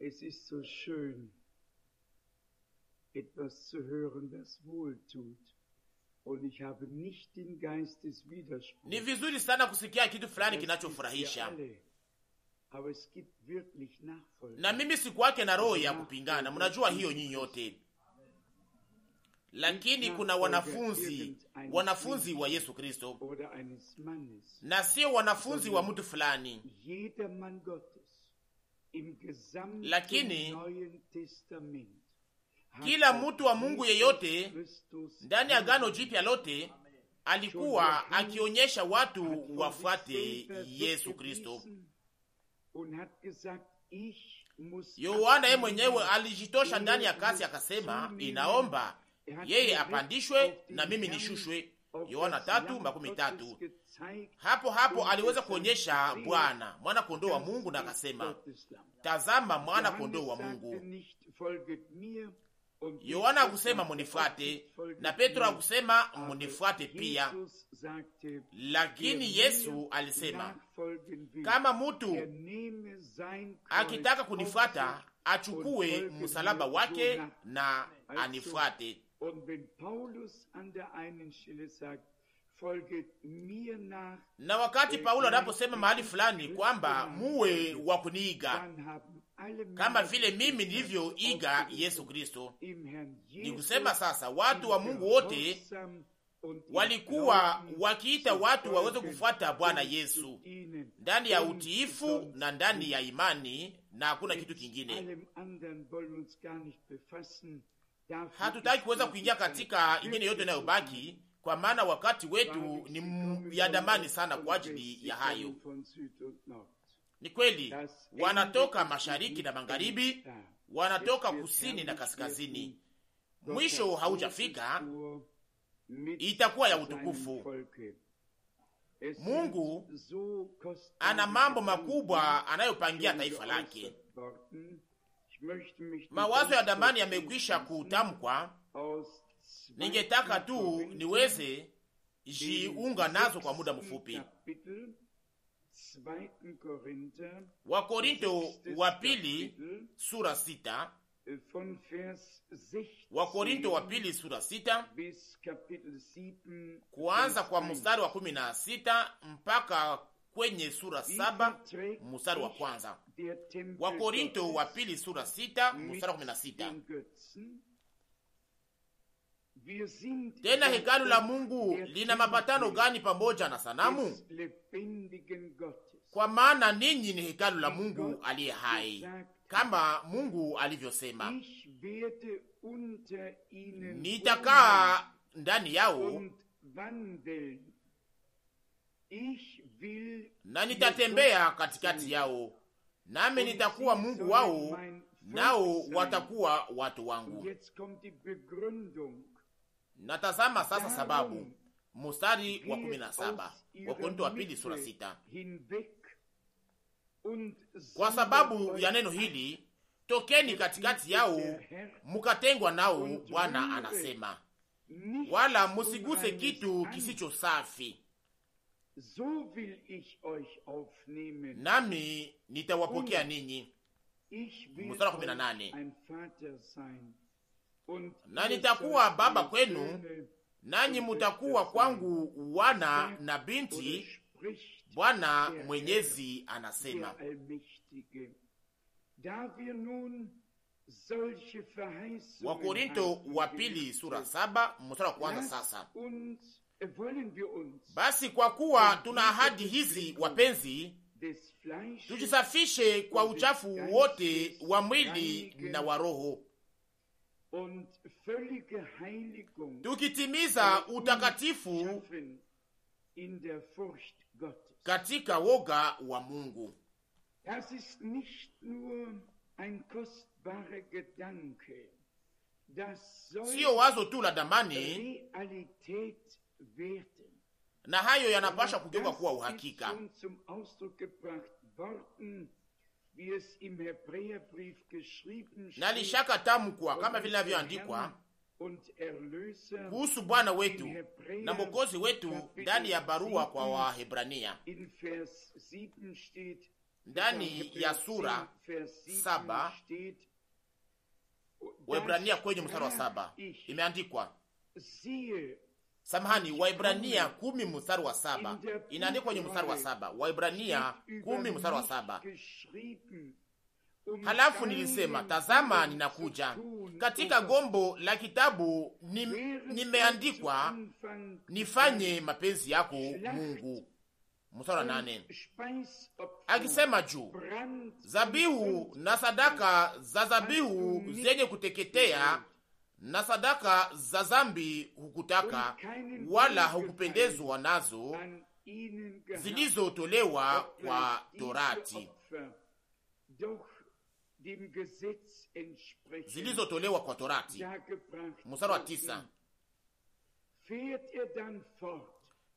Es ist so schön, etwas zu hören, das tut. Und ich habe nicht den Geist des Widerspruchs. Ni vizuri sana kusikia kitu fulani kinachofurahisha. Aber es gibt wirklich Nachfolger. Na mimi kwake na roho ya kupingana, mnajua hiyo nyinyi yote. Lakini kuna wanafunzi, wanafunzi wa Yesu Kristo, na sio wanafunzi wa mtu fulani. Lakini kila mtu wa Mungu yeyote ndani ya gano Jipya lote alikuwa akionyesha watu wafuate Yesu Kristo. Yohana yeye mwenyewe alijitosha ndani ya kasi akasema inaomba er yeye apandishwe na mimi nishushwe. Yohana tatu makumi tatu. Hapo hapo aliweza kuonyesha Bwana mwana kondoo wa Mungu na akasema, tazama mwana kondoo wa Mungu. Yohana akusema munifuate, na Petro akusema munifuate pia, lakini Yesu alisema kama mutu er akitaka kunifuata achukue msalaba wake na anifuate. Na wakati Paulo anaposema mahali fulani kwamba muwe wa kuniiga kama vile mimi nilivyoiga Yesu Kristo, ni kusema sasa watu wa Mungu wote walikuwa wakiita watu waweze kufuata Bwana Yesu ndani ya utiifu na ndani ya imani, na hakuna kitu kingine hatutaki kuweza kuingia katika ingine yote inayobaki, kwa maana wakati wetu ni ya damani sana kwa ajili ya hayo. Ni kweli wanatoka mashariki na magharibi, wanatoka kusini na kaskazini, mwisho haujafika, itakuwa ya utukufu. Mungu ana mambo makubwa anayopangia taifa lake mawazo ya damani yamekwisha kutamkwa. Ningetaka tu niweze jiunga nazo kwa muda mfupi. Wakorinto wa pili sura sita Wakorinto wa pili sura sita kuanza kwa mstari wa kumi na sita mpaka kwenye sura saba mstari wa kwanza. Wakorinto wa pili sura sita mstari wa 16. Hmm? Tena hekalu la Mungu lina mapatano gani pamoja na sanamu? Kwa maana ninyi ni hekalu la Mungu aliye hai, kama Mungu alivyosema, nitakaa ndani yao na nitatembea katikati yao, nami nitakuwa Mungu wao, nao watakuwa watu wangu. Natazama sasa sababu, mustari wa kumi na saba Wakorintho wa pili sura sita. Kwa sababu ya neno hili tokeni katikati yao, mukatengwa nao, Bwana anasema, wala um musiguse kitu kisicho safi so will ich euch aufnehmen, nami nitawapokea ninyi. Mstari kumi na nane na nitakuwa baba kwenu nanyi mutakuwa kwangu wana na binti, Bwana Mwenyezi anasema. Wakorinto wa pili sura saba mstari wa kwanza. Sasa basi kwa kuwa tuna ahadi hizi, wapenzi, tujisafishe kwa uchafu wote wa mwili na wa roho, tukitimiza utakatifu katika woga wa Mungu. Siyo wazo tu la damani na hayo yanapasha kugeuka kuwa uhakika. Nalishaka tamkwa kama vile navyoandikwa kuhusu Bwana wetu na Mwokozi wetu ndani ya barua kwa Wahebrania, ndani ya sura saba Wahebrania kwenye mstari wa saba imeandikwa samahani, Waibrania kumi mstari wa saba inaandikwa kwenye mstari wa saba Waibrania kumi mstari wa saba Halafu nilisema tazama, ninakuja. Katika gombo la kitabu nimeandikwa, nifanye mapenzi yako Mungu. Mstari wa nane akisema juu zabihu na sadaka za zabihu zenye kuteketea na sadaka za zambi hukutaka, wala hukupendezwa nazo zilizotolewa kwa Torati, zilizotolewa kwa Torati. Mstari wa tisa.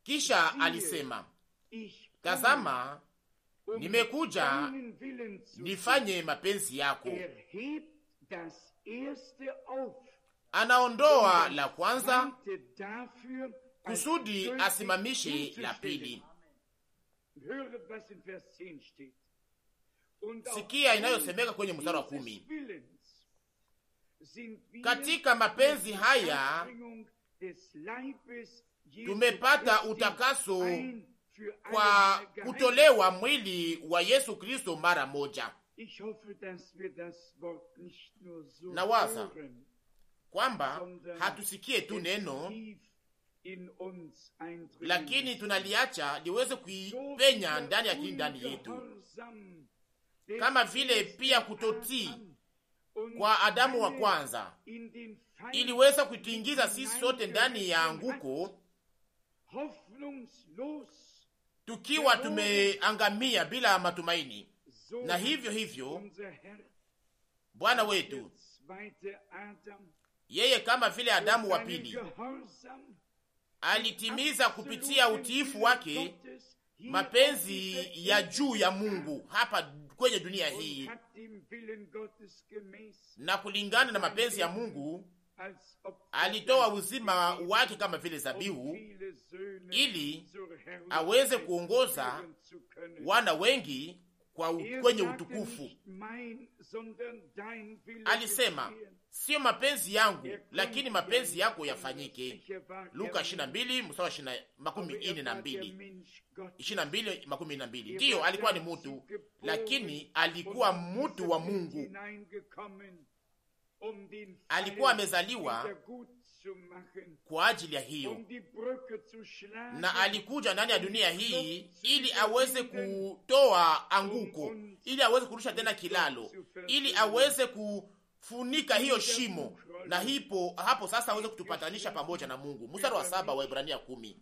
Kisha alisema, tazama, nimekuja nifanye mapenzi yako. Er anaondoa la kwanza kusudi asimamishe la pili. Sikia inayosemeka kwenye mstari wa kumi: katika mapenzi haya tumepata utakaso kwa kutolewa mwili wa Yesu Kristo mara moja. Nawaza kwamba hatusikie tu neno lakini tunaliacha liweze kuipenya ndani ya kili ndani yetu, kama vile pia kutotii kwa Adamu wa kwanza iliweza kutuingiza sisi sote ndani ya anguko, tukiwa tumeangamia bila matumaini. Na hivyo hivyo Bwana wetu yeye kama vile Adamu wa pili alitimiza kupitia utiifu wake mapenzi ya juu ya Mungu hapa kwenye dunia hii, na kulingana na mapenzi ya Mungu alitoa uzima wake kama vile zabihu, ili aweze kuongoza wana wengi kwa u, kwenye utukufu. Alisema, siyo mapenzi yangu lakini mapenzi yako yafanyike. Luka 22 Ndiyo, alikuwa ni mutu lakini alikuwa mutu wa Mungu, alikuwa amezaliwa kwa ajili ya hiyo, na alikuja ndani ya dunia hii ili aweze kutoa anguko, ili aweze kurusha tena kilalo, ili aweze kufunika hiyo shimo, na hipo hapo sasa aweze kutupatanisha pamoja na Mungu. Mstari wa saba wa Ibrania kumi.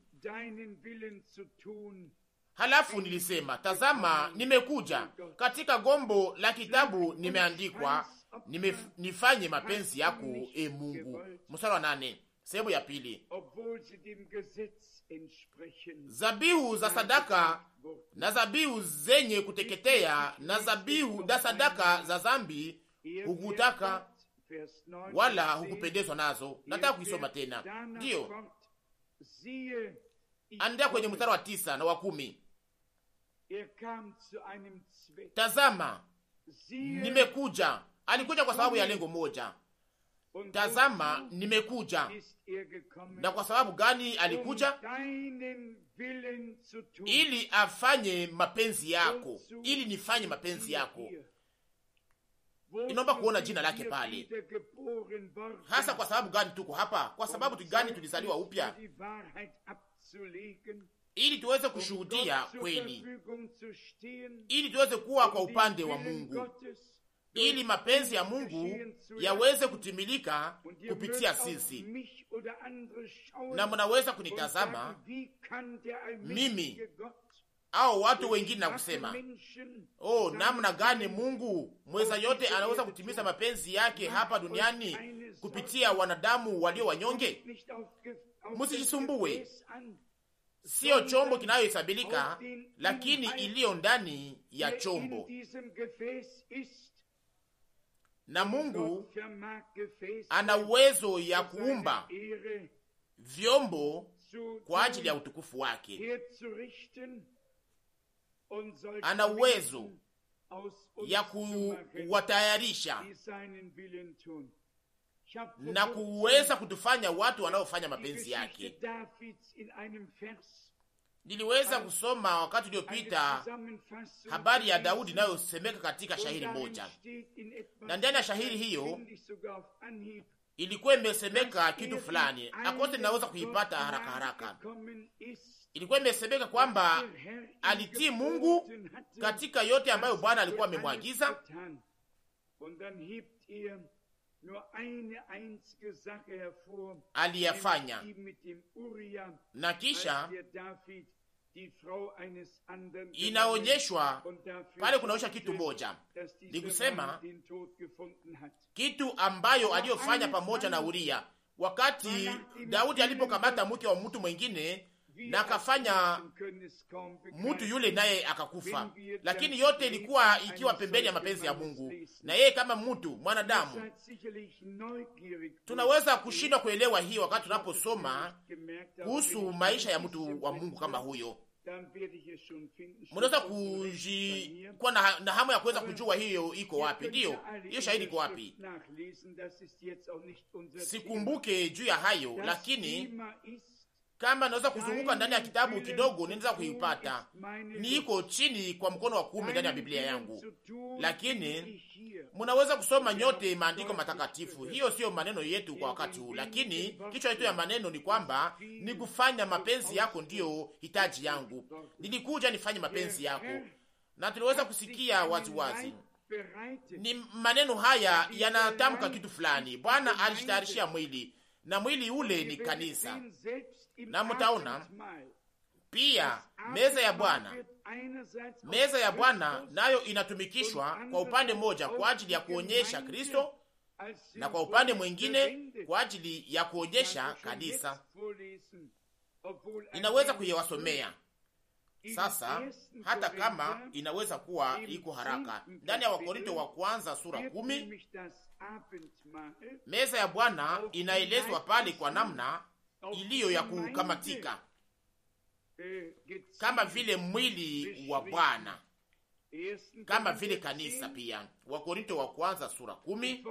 Halafu nilisema, tazama, nimekuja katika gombo la kitabu nimeandikwa nifanye mapenzi yako e Mungu. Mstari wa nane, sehemu ya pili. Zabihu za sadaka na zabihu zenye kuteketea na zabihu na sadaka za zambi hukutaka wala hukupendezwa nazo. Nataka kuisoma tena, ndiyo andea kwenye mstari wa tisa na wa kumi. Tazama, nimekuja Alikuja kwa sababu ya lengo moja. Tazama, nimekuja. Na kwa sababu gani alikuja? Ili afanye mapenzi yako, ili nifanye mapenzi yako. Inaomba kuona jina lake pale hasa. Kwa sababu gani tuko hapa? Kwa sababu gani tulizaliwa upya? Ili tuweze kushuhudia kweli, ili tuweze kuwa kwa upande wa Mungu ili mapenzi ya Mungu yaweze kutimilika kupitia sisi. Na mnaweza kunitazama mimi au watu wengine na kusema oh, namna gani Mungu mweza yote anaweza kutimiza mapenzi yake hapa duniani kupitia wanadamu walio wanyonge. Msijisumbue, siyo chombo kinayohesabilika, lakini iliyo ndani ya chombo na Mungu ana uwezo ya kuumba vyombo kwa ajili ya utukufu wake. Ana uwezo ya kuwatayarisha na kuweza kutufanya watu wanaofanya mapenzi yake. Niliweza kusoma wakati uliopita habari ya Daudi inayosemeka katika shahiri moja, na ndani ya shahiri hiyo ilikuwa imesemeka kitu fulani, akose naweza kuipata haraka haraka. Ilikuwa imesemeka kwamba alitii Mungu katika yote ambayo Bwana alikuwa amemwagiza, aliyafanya na kisha inaonyeshwa pale, kunaonyesha kitu moja, ni kusema kitu ambayo aliyofanya pamoja na Uria wakati Daudi alipokamata mke wa mtu mwingine na akafanya mtu yule naye akakufa, lakini yote ilikuwa ikiwa pembeni ya mapenzi ya Mungu. Na yeye kama mtu mwanadamu, tunaweza kushindwa kuelewa hii wakati tunaposoma kuhusu maisha ya mtu wa Mungu kama huyo. Mnaweza kuji kuwa na, na hamu ya kuweza kujua hiyo iko wapi, ndiyo hiyo shahidi iko wapi. Sikumbuke juu ya hayo, lakini kama naweza kuzunguka ndani ya kitabu kidogo, ninaweza kuipata. iko chini kwa mkono wa kuume ndani ya Biblia yangu, lakini mnaweza kusoma nyote maandiko matakatifu. Hiyo siyo maneno yetu kwa wakati huu, lakini kichwa yetu ya maneno ni kwamba ni kufanya mapenzi yako, ndiyo hitaji yangu. Nilikuja nifanye mapenzi yako, na tuliweza kusikia waziwazi wazi. Ni maneno haya yanatamka kitu fulani. Bwana alishitayarishia mwili na mwili ule ni kanisa na mtaona pia meza ya Bwana, meza ya Bwana nayo inatumikishwa kwa upande mmoja kwa ajili ya kuonyesha Kristo na kwa upande mwingine kwa ajili ya kuonyesha kanisa. Inaweza kuyewasomea sasa, hata kama inaweza kuwa iko haraka. Ndani ya Wakorinto wa kwanza sura kumi meza ya Bwana inaelezwa pale kwa namna iliyo ya kukamatika, eh, kama vile mwili wa Bwana, kama vile kanisa pia. Wakorinto wa kwanza sura kumi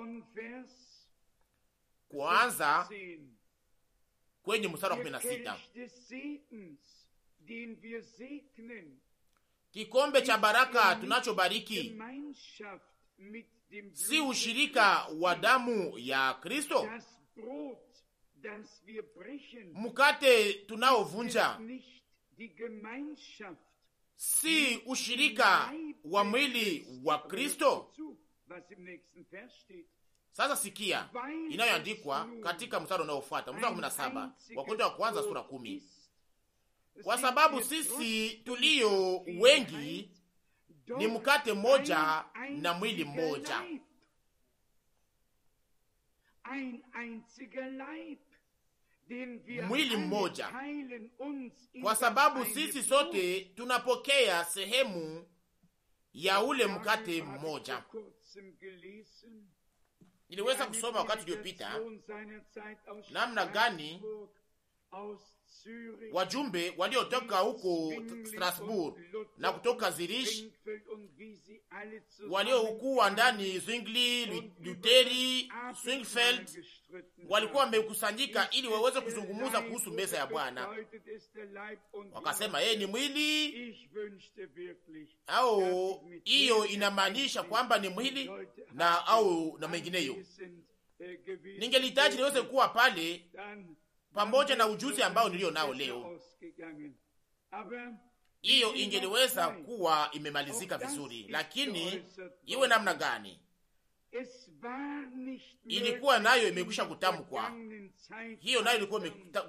kuanza kwenye mstari wa kumi na sita kikombe cha baraka tunachobariki si ushirika wa damu ya Kristo? mkate tunaovunja si ushirika wa mwili wa Kristo? Sasa sikia inayoandikwa katika mstari unaofuata, mstari wa kumi na saba Wakorintho wa kwanza sura kumi kwa sababu sisi tulio wengi ni mkate mmoja na mwili mmoja mwili mmoja, kwa sababu sisi sote tunapokea sehemu ya ule mkate mmoja. Niliweza kusoma wakati uliopita namna gani wajumbe waliotoka huko Strasbourg na kutoka Zurich waliokuwa ndani Zwingli, Luteri, Swingfeld walikuwa wamekusanyika ili waweze kuzungumuza kuhusu meza ya Bwana. Wakasema yeye ni mwili au hiyo inamaanisha kwamba ni mwili na au na mengineyo. Ningelihitaji niweze kuwa pale pamoja na ujuzi ambao nilio nao leo, hiyo ingeliweza kuwa imemalizika vizuri, lakini iwe namna gani ilikuwa nayo imekwisha kutamkwa, hiyo nayo ilikuwa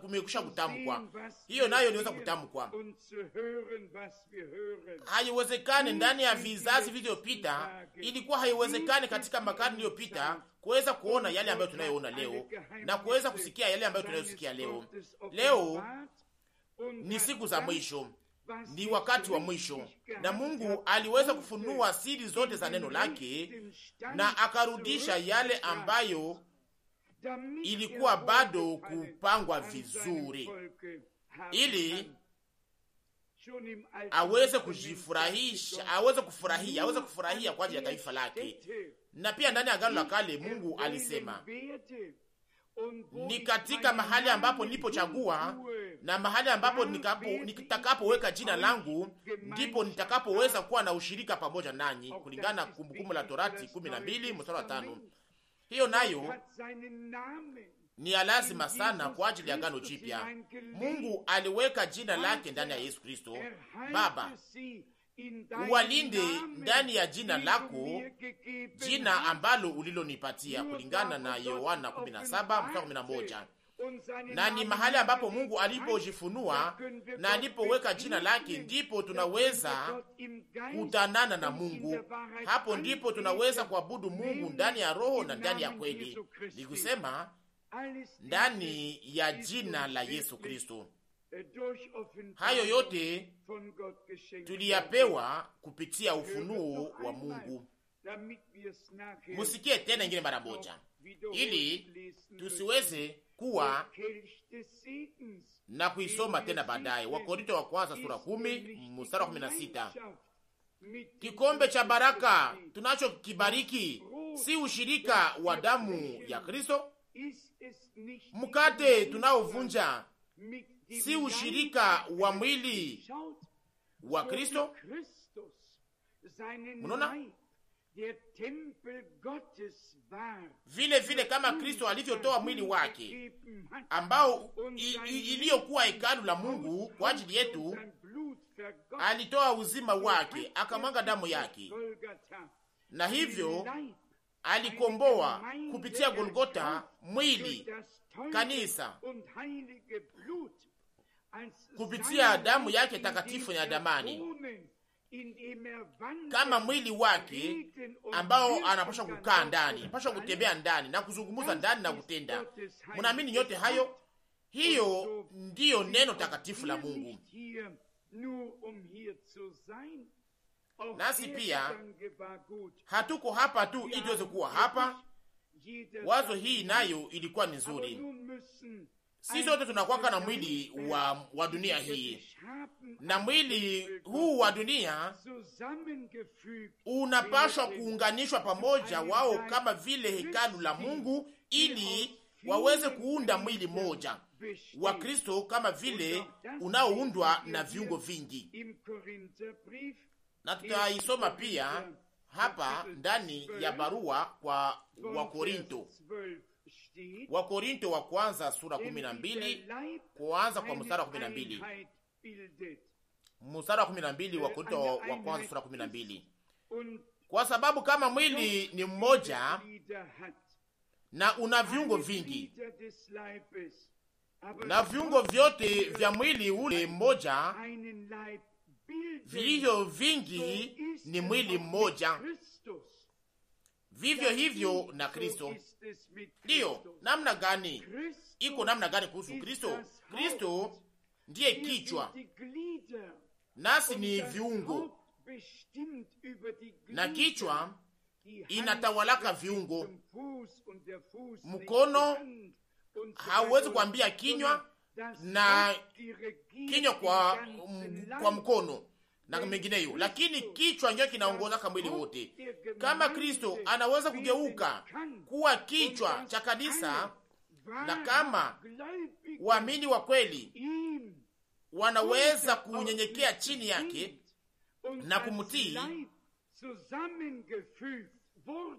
imekwisha kutamkwa, hiyo nayo iliweza kutamkwa. Haiwezekani ndani ya vizazi vilivyopita, ilikuwa haiwezekani katika makarni iliyopita kuweza kuona yale ambayo tunayoona leo na kuweza kusikia yale ambayo tunayosikia leo. Leo ni siku za mwisho ni wakati wa mwisho, na Mungu aliweza kufunua siri zote za neno lake na akarudisha yale ambayo ilikuwa bado kupangwa vizuri, ili aweze kujifurahisha, aweze kufurahia, aweze kufurahia kwa ajili ya taifa lake. Na pia ndani ya Agano la Kale Mungu alisema ni katika mahali ambapo nilipochagua na mahali ambapo nitakapoweka jina langu, ndipo nitakapoweza kuwa na ushirika pamoja nanyi, kulingana na Kumbukumbu la Torati 12 mstari wa 5. Hiyo nayo ni ya lazima sana kwa ajili ya agano jipya. Mungu aliweka jina lake ndani ya Yesu Kristo Baba uwalinde ndani ya jina lako, jina ambalo ulilonipatia, kulingana na Yohana 17:11 na ni mahali ambapo Mungu alipojifunua na alipoweka jina lake, ndipo tunaweza kutanana na Mungu. Hapo ndipo tunaweza kuabudu Mungu ndani ya roho na ndani ya kweli, kusema ndani ya jina la Yesu Kristo. Hayo yote tuliyapewa kupitia ufunuo wa Mungu. Musikie tena ingine mara moja, ili tusiweze kuwa na kuisoma tena baadaye. Wakorinto wa kwanza sura kumi mstari wa kumi na sita. Kikombe cha baraka tunachokibariki si ushirika wa damu ya Kristo? Mkate tunaovunja si ushirika wa mwili wa Kristo. Mnaona vile vile kama Kristo alivyotoa mwili wake ambao iliyokuwa hekalu la Mungu kwa ajili yetu, alitoa uzima wake akamwanga damu yake, na hivyo alikomboa kupitia Golgota mwili, kanisa kupitia damu yake takatifu ya damani kama mwili wake ambao anapasha kukaa ndani, anapasha kutembea ndani na kuzungumza ndani na kutenda. Mnaamini nyote hayo? Hiyo ndiyo neno takatifu la Mungu. Um, Nasi pia hatuko hapa tu ili tuweze kuwa hapa. Wazo hii nayo ilikuwa ni nzuri Si wote tunakwaka na mwili wa, wa dunia hii, na mwili huu wa dunia unapashwa kuunganishwa pamoja wao kama vile hekalu la Mungu, ili waweze kuunda mwili mmoja wa Kristo, kama vile unaoundwa na viungo vingi. Na tutaisoma pia hapa ndani ya barua kwa Wakorinto Wakorinto wa kwanza sura kumi na mbili kuanza kwa mstari wa kumi na mbili mstari wa uh, kumi na mbili Wakorinto wa kwanza sura kumi na mbili kwa sababu kama mwili ni mmoja na una viungo vingi na viungo vyote vya mwili ule mmoja vilivyo vingi ni mwili mmoja vivyo hivyo na Kristo. Ndiyo namna gani, iko namna gani kuhusu Kristo? Kristo ndiye kichwa, nasi ni viungo, na kichwa inatawalaka viungo. Mkono hauwezi kuambia kinywa na kinywa kwa, kwa mkono na mengineyo, lakini kichwa ndio kinaongoza mwili wote. Kama Kristo anaweza kugeuka kuwa kichwa cha kanisa, na kama waamini wa kweli wanaweza kunyenyekea chini yake na kumtii,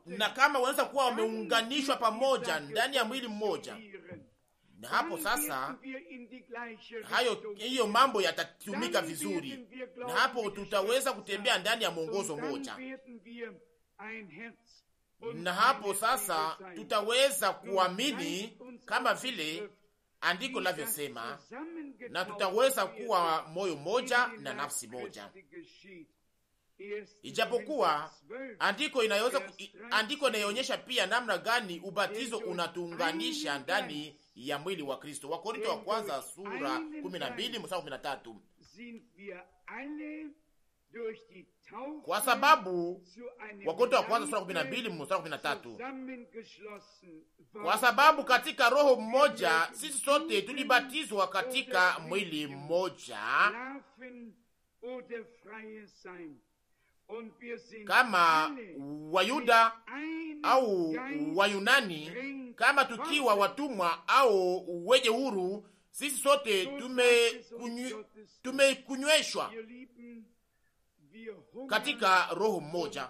na kama wanaweza kuwa wameunganishwa pamoja ndani ya mwili mmoja na hapo sasa hayo hiyo mambo yatatumika vizuri, na hapo tutaweza kutembea ndani ya mwongozo mmoja, um, na hapo sasa tutaweza kuamini kama vile andiko lavyosema, na tutaweza kuwa moyo moja na nafsi moja, ijapokuwa andiko inayoweza andiko inayoonyesha pia namna gani ubatizo unatuunganisha ndani ya mwili wa Kristo. Wakorinto wa kwanza sura 12 mstari 13. Kwa sababu Wakorinto wa kwanza sura 12 mstari 13. Kwa sababu katika roho mmoja sisi sote tulibatizwa katika mwili mmoja kama Wayuda au Wayunani, kama tukiwa watumwa au wenye huru, sisi sote tumekunyweshwa tume katika roho mmoja.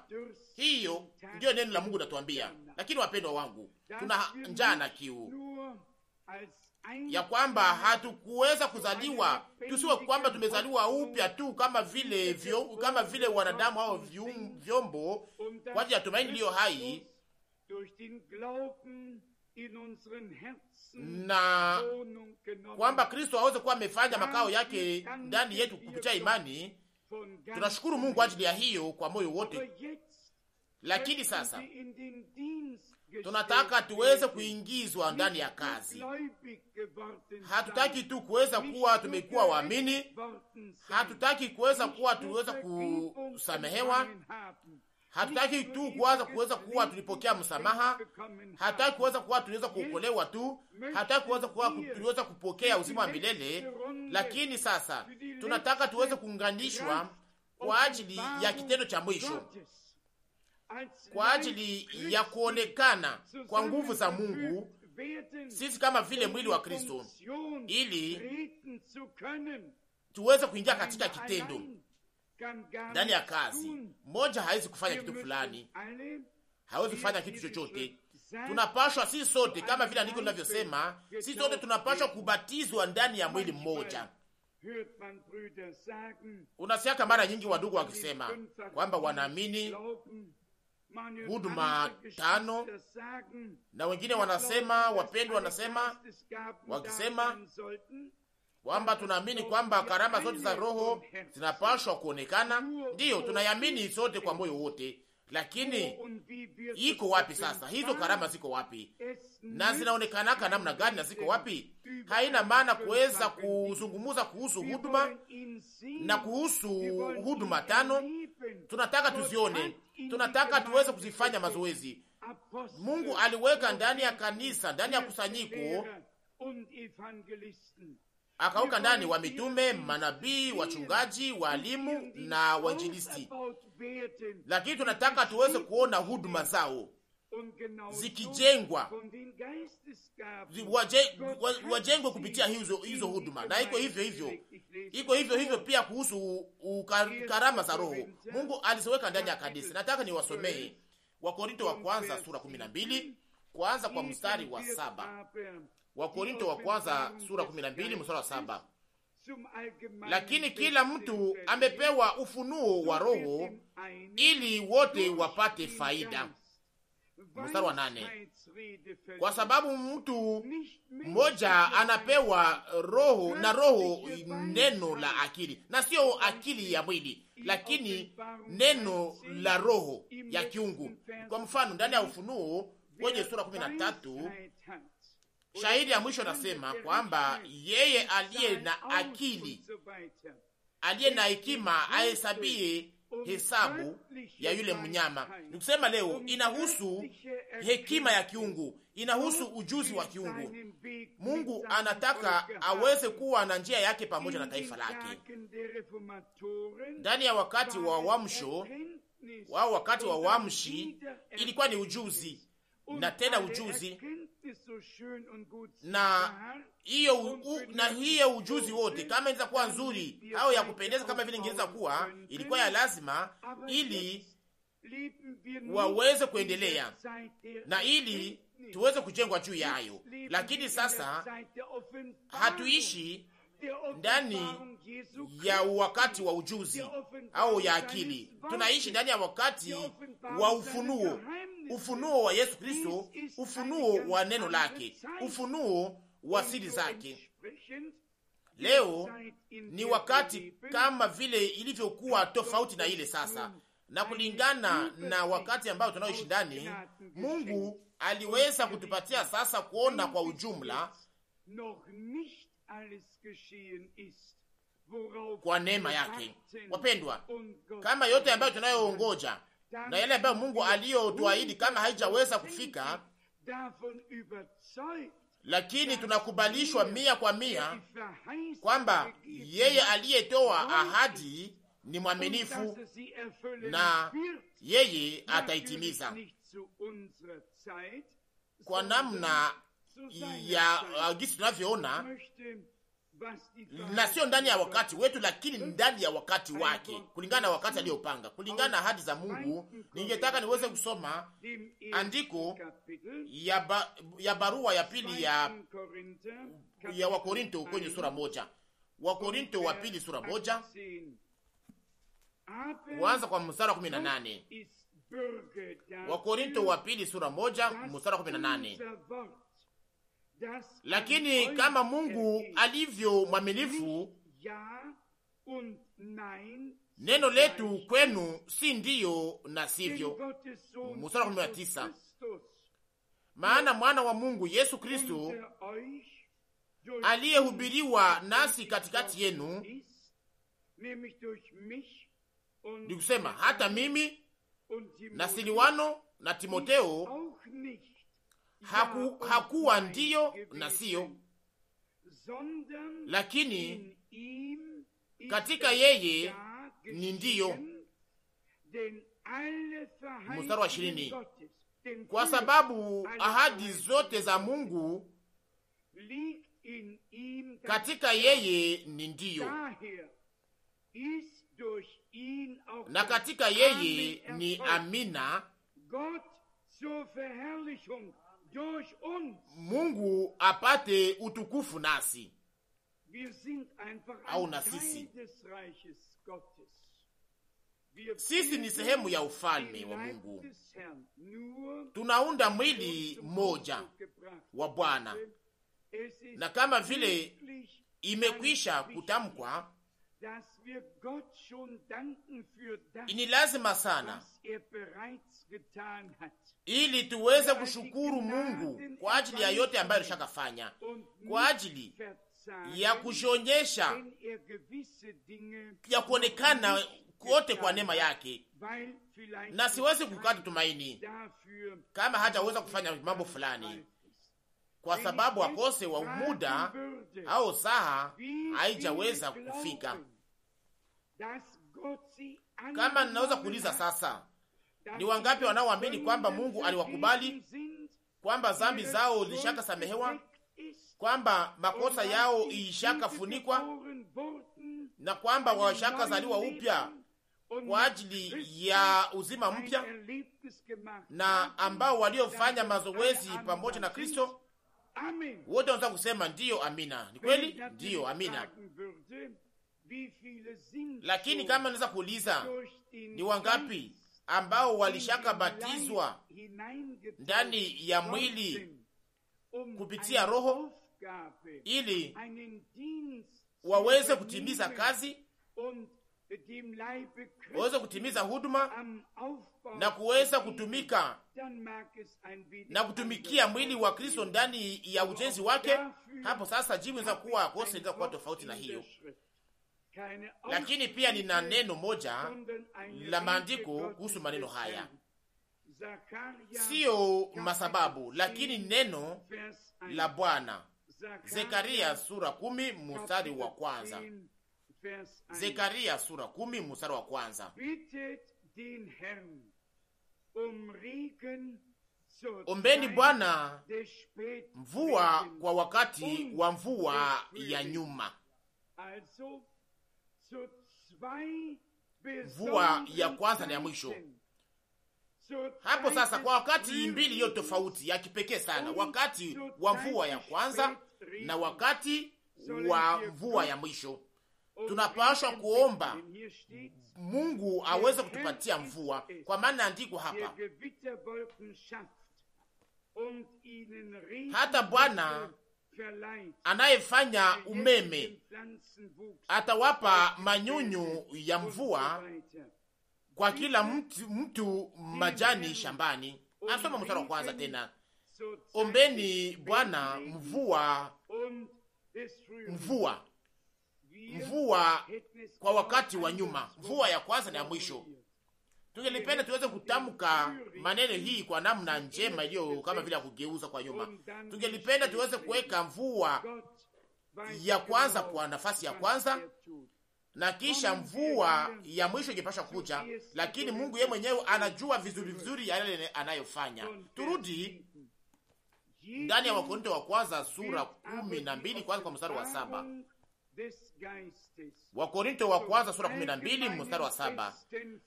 Hiyo ndiyo neno la Mungu natuambia. Lakini wapendwa wangu, tuna njaa na kiu ya kwamba hatukuweza kuzaliwa tusiwe kwamba tumezaliwa upya tu kama vile vyo, kama vile wanadamu au vyombo kwa ajili ya tumaini iliyo hai na kwamba Kristo aweze kuwa amefanya makao yake ndani yetu kupitia imani. Tunashukuru Mungu kwa ajili ya hiyo kwa moyo wote. Lakini sasa tunataka tuweze kuingizwa ndani ya kazi. Hatutaki tu kuweza kuwa tumekuwa waamini, hatutaki kuweza kuwa tuweza kusamehewa, hatutaki tu kuanza kuweza kuwa tulipokea msamaha, hatutaki kuweza kuwa tuliweza kuokolewa tu, hatutaki kuweza kuwa tuliweza kupokea uzima wa milele, lakini sasa tunataka tuweze kuunganishwa kwa ajili ya kitendo cha mwisho kwa ajili ya kuonekana kwa nguvu za Mungu sisi kama vile mwili wa Kristo, ili tuweze kuingia katika kitendo ndani ya kazi moja. Hawezi kufanya kitu fulani, hawezi kufanya kitu chochote. Tunapashwa sisi sote, kama vile andiko linavyosema, sisi sote tunapashwa kubatizwa ndani ya mwili mmoja. Unasiaka mara nyingi wandugu wakisema kwamba wanaamini huduma tano, na wengine wanasema, wapendwa wanasema wakisema kwamba tunaamini kwamba karama zote za Roho zinapashwa kuonekana. Ndiyo, tunayamini sote kwa moyo wote, lakini iko wapi sasa? Hizo karama ziko wapi na zinaonekanaka namna gani na ziko wapi? Haina maana kuweza kuzungumuza kuhusu huduma na kuhusu huduma tano. Tunataka tuzione, tunataka tuweze kuzifanya mazoezi. Mungu aliweka ndani ya kanisa, ndani ya kusanyiko akaweka ndani wa mitume, manabii, wachungaji, waalimu na wainjilisti, lakini tunataka tuweze kuona huduma zao zikijengwa wajengwe kupitia hizo hizo huduma, na iko hivyo hivyo, iko hivyo hivyo pia kuhusu karama za Roho Mungu alizoweka ndani ya kanisa. Nataka niwasomee Wakorinto wa kwanza sura 12 kuanza kwa mstari wa saba. Wakorinto wa kwanza sura 12 mstari wa saba. Lakini kila mtu amepewa ufunuo wa Roho ili wote wapate faida. Mstari wa nane. Kwa sababu mtu mmoja anapewa roho na roho neno la akili, na sio akili ya mwili, lakini neno la roho ya kiungu. Kwa mfano ndani ya Ufunuo kwenye sura 13 Shahidi ya mwisho anasema kwamba yeye aliye na akili, aliye na hekima, ahesabie hesabu ya yule mnyama. Nikusema leo inahusu hekima ya kiungu, inahusu ujuzi wa kiungu. Mungu anataka aweze kuwa na njia yake pamoja na taifa lake ndani ya wakati wa wamsho wao. Wakati wa wamshi ilikuwa ni ujuzi na tena ujuzi na hiyo na hiyo ujuzi wote, kama inaweza kuwa nzuri au ya kupendeza kama vile ingeweza kuwa, ilikuwa ya lazima ili waweze kuendelea na ili tuweze kujengwa juu yayo. Lakini sasa hatuishi ndani ya wakati wa ujuzi au ya akili. Tunaishi ndani ya wakati wa ufunuo, ufunuo wa Yesu Kristo, ufunuo wa neno lake, ufunuo wa siri zake. Leo ni wakati kama vile ilivyokuwa tofauti na ile sasa, na kulingana na wakati ambao tunaoishi ndani, Mungu aliweza kutupatia sasa kuona kwa ujumla kwa neema yake. Wapendwa, kama yote ambayo tunayoongoja na yale ambayo Mungu aliyotuahidi kama haijaweza kufika, lakini tunakubalishwa mia kwa mia kwamba yeye aliyetoa ahadi ni mwaminifu na yeye ataitimiza kwa namna ya agisi uh, tunavyoona na sio ndani ya wakati wetu, lakini ndani ya wakati wake, kulingana na wakati aliyopanga, kulingana na ahadi za Mungu. Ningetaka niweze kusoma andiko ya, ba, ya barua ya pili ya, ya Wakorinto kwenye sura moja, Wakorinto wa pili sura moja kuanza kwa mstari wa 18. Wakorinto wa pili sura moja mstari wa 18. Lakini kama Mungu alivyo mwaminifu, neno letu kwenu si ndiyo na sivyo. Mstari maana mwana wa Mungu Yesu Kristo aliyehubiriwa nasi katikati yenu, kusema hata mimi na Siliwano na Timoteo haku, hakuwa ndiyo na siyo, lakini katika yeye ni ndiyo. Mstari wa ishirini, kwa sababu ahadi zote za Mungu katika yeye ni ndiyo, na katika yeye ni amina Mungu apate utukufu nasi au na sisi. Sisi ni sehemu ya ufalme wa Mungu, tunaunda mwili moja wa Bwana, na kama vile imekwisha kutamkwa ni lazima sana er ili tuweze kushukuru Mungu kwa ajili ya yote ambayo alishakafanya, kwa ajili ya kujionyesha, er ya kuonekana kote kwa neema yake, na siwezi kukata tumaini kama hataweza kufanya mambo fulani kwa sababu akose wa muda au saha haijaweza kufika. Kama ninaweza kuuliza sasa, ni wangapi wanaoamini kwamba Mungu aliwakubali, kwamba zambi zao zilishaka samehewa, kwamba makosa yao iishaka funikwa, na kwamba washaka zaliwa upya kwa ajili ya uzima mpya, na ambao waliofanya mazoezi pamoja na Kristo wote wanaweza kusema ndiyo, amina. Ni kweli, ndiyo, amina. Lakini kama naweza kuuliza, ni wangapi ambao walishakabatizwa ndani ya mwili um, kupitia Roho ili waweze kutimiza kazi waweze kutimiza huduma na kuweza kutumika na kutumikia mwili wa Kristo ndani ya ujenzi wake. Hapo sasa jibu inaweza kuwa kosa, inaweza kuwa tofauti na hiyo, lakini pia nina neno moja la maandiko kuhusu maneno haya, siyo masababu, lakini neno la Bwana, Zekaria sura kumi mstari wa kwanza. Zekaria sura kumi mstari wa kwanza. Ombeni Bwana mvua kwa wakati wa mvua ya nyuma, mvua ya kwanza na ya mwisho. Hapo sasa, kwa wakati mbili hiyo tofauti ya kipekee sana, wakati wa mvua ya kwanza na wakati wa mvua ya mwisho tunapashwa kuomba Mungu aweze kutupatia mvua, kwa maana andiko hapa hata Bwana anayefanya umeme atawapa manyunyu ya mvua kwa kila mtu, mtu majani shambani. Anasoma mstari wa kwanza tena, ombeni Bwana mvua mvua mvua kwa wakati wa nyuma, mvua ya kwanza na ya mwisho. Tungelipenda tuweze kutamka maneno hii kwa namna njema iliyo kama vile ya kugeuza kwa nyuma. Tungelipenda tuweze kuweka mvua ya kwanza kwa nafasi ya kwanza na kisha mvua ya mwisho ingepasha kuja, lakini Mungu yeye mwenyewe anajua vizuri vizuri yale anayofanya. Turudi ndani ya Wakorinto wa kwanza sura kumi na mbili kwanza kwa mstari wa saba Wakorinto wa kwanza sura 12 mstari wa saba.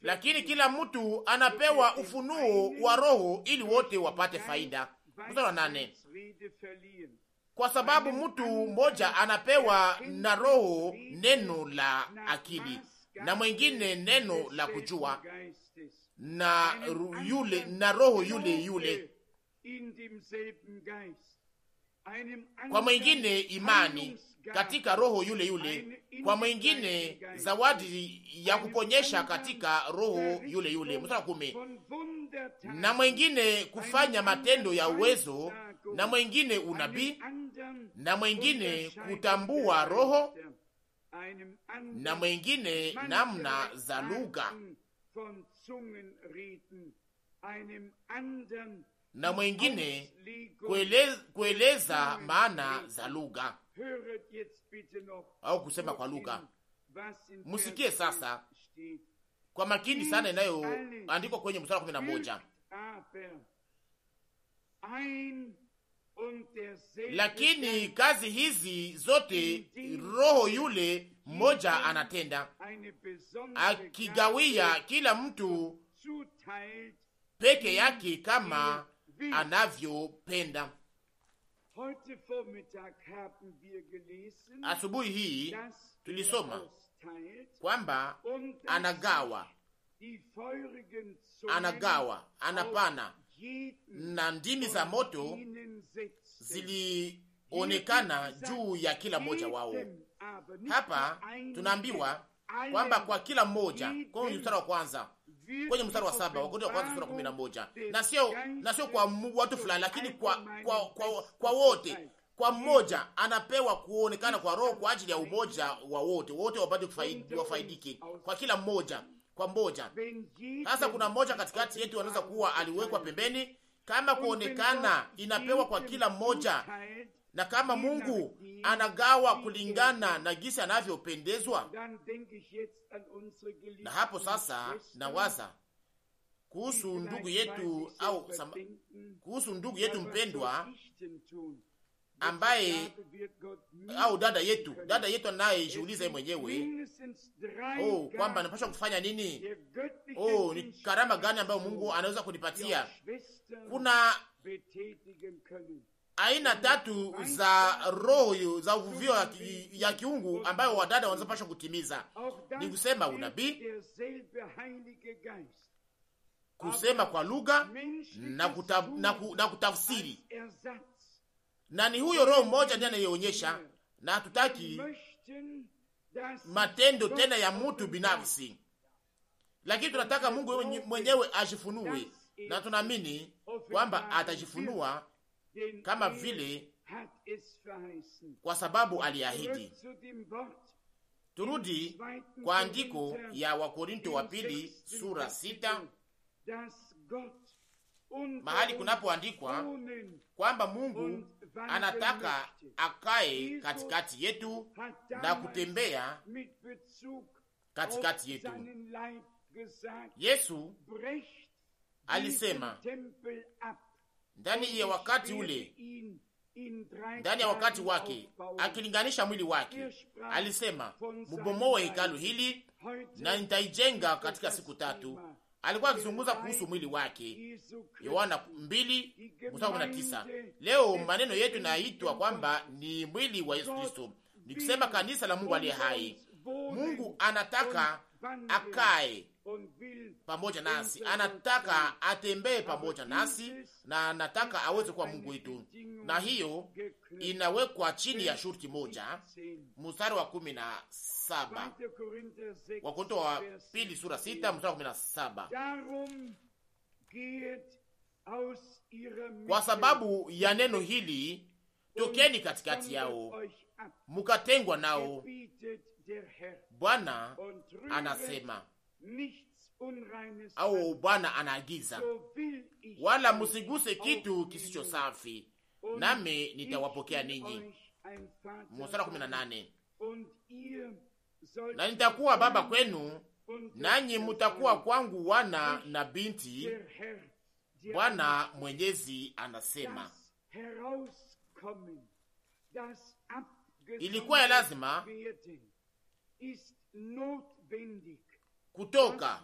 Lakini kila mtu anapewa ufunuo wa Roho ili wote wapate faida. Mstari wa nane. Kwa sababu mtu mmoja anapewa na Roho neno la akili na mwingine neno la kujua na yule na roho yule yule kwa mwingine imani katika roho yule yule, kwa mwingine zawadi ya kuponyesha katika roho yule yule. Mstari kumi, na mwingine kufanya matendo ya uwezo, na mwingine unabii, na mwingine kutambua roho, na mwingine namna za lugha na mwengine kueleza, kueleza maana za lugha au kusema kwa lugha. musikie sasa kwa makini sana inayoandikwa kwenye mstari kumi na moja lakini kazi hizi zote Roho yule mmoja anatenda, akigawia kila mtu peke yake kama anavyopenda. Asubuhi hii tulisoma kwamba anagawa, anagawa, anapana, na ndimi za moto zilionekana juu ya kila mmoja wao. Hapa tunaambiwa kwamba kwa kila mmoja, kwa mstari wa kwanza kwenye mstari wa saba, Wakorintho wa kwanza sura kumi na moja, na sio na sio uh, kwa watu fulani, lakini kwa kwa, kwa kwa wote kwa mmoja anapewa kuonekana kwa Roho kwa ajili ya umoja wa wote, wote wapate wafaidike, kwa kila mmoja kwa mmoja. Sasa kuna mmoja katikati yetu anaweza kuwa aliwekwa pembeni, kama kuonekana inapewa kwa kila mmoja na kama Mungu anagawa kulingana na gisa anavyopendezwa. Na hapo sasa nawaza kuhusu ndugu yetu au kuhusu ndugu yetu mpendwa ambaye au dada yetu, dada yetu anayejiuliza mwenyewe oh, kwamba anapaswa kufanya nini? Oh, ni karama gani ambayo Mungu anaweza kunipatia? Kuna aina tatu za roho za uvuvio ya, ki, ya kiungu ambayo wadada wanazopashwa kutimiza ni kusema unabii, kusema kwa lugha na, kuta, na, ku, na kutafsiri, na ni huyo roho mmoja ndiye anayeonyesha, na hatutaki matendo tena ya mtu binafsi, lakini tunataka Mungu mwenyewe ajifunue, na tunaamini kwamba atajifunua kama vile kwa sababu aliahidi. Turudi kwa andiko ya Wakorinto wa pili sura sita mahali kunapoandikwa kwamba Mungu anataka akae katikati yetu na kutembea katikati yetu. Yesu alisema ndani ya wakati ule, ndani ya wakati wake, akilinganisha mwili wake, alisema mubomoe hekalu hili na nitaijenga katika siku tatu. Alikuwa akizungumza kuhusu mwili wake, Yohana 2:19. Leo maneno yetu inaitwa kwamba ni mwili wa Yesu Kristo, nikisema kanisa la Mungu aliye hai. Mungu anataka akae pamoja nasi, anataka atembee pamoja nasi, na anataka aweze kuwa Mungu wetu, na hiyo inawekwa chini ya shurti moja, mstari wa kumi na saba Wakorinto wa pili sura sita mstari wa kumi na saba Kwa sababu ya neno hili, tokeni katikati yao, mukatengwa nao, Bwana anasema au Bwana anaagiza, wala musiguse kitu kisicho safi, nami nitawapokea ninyi. Mstari kumi na nane na nitakuwa baba kwenu, nanyi mutakuwa kwangu wana na binti, Bwana Mwenyezi anasema. Ilikuwa ya lazima kutoka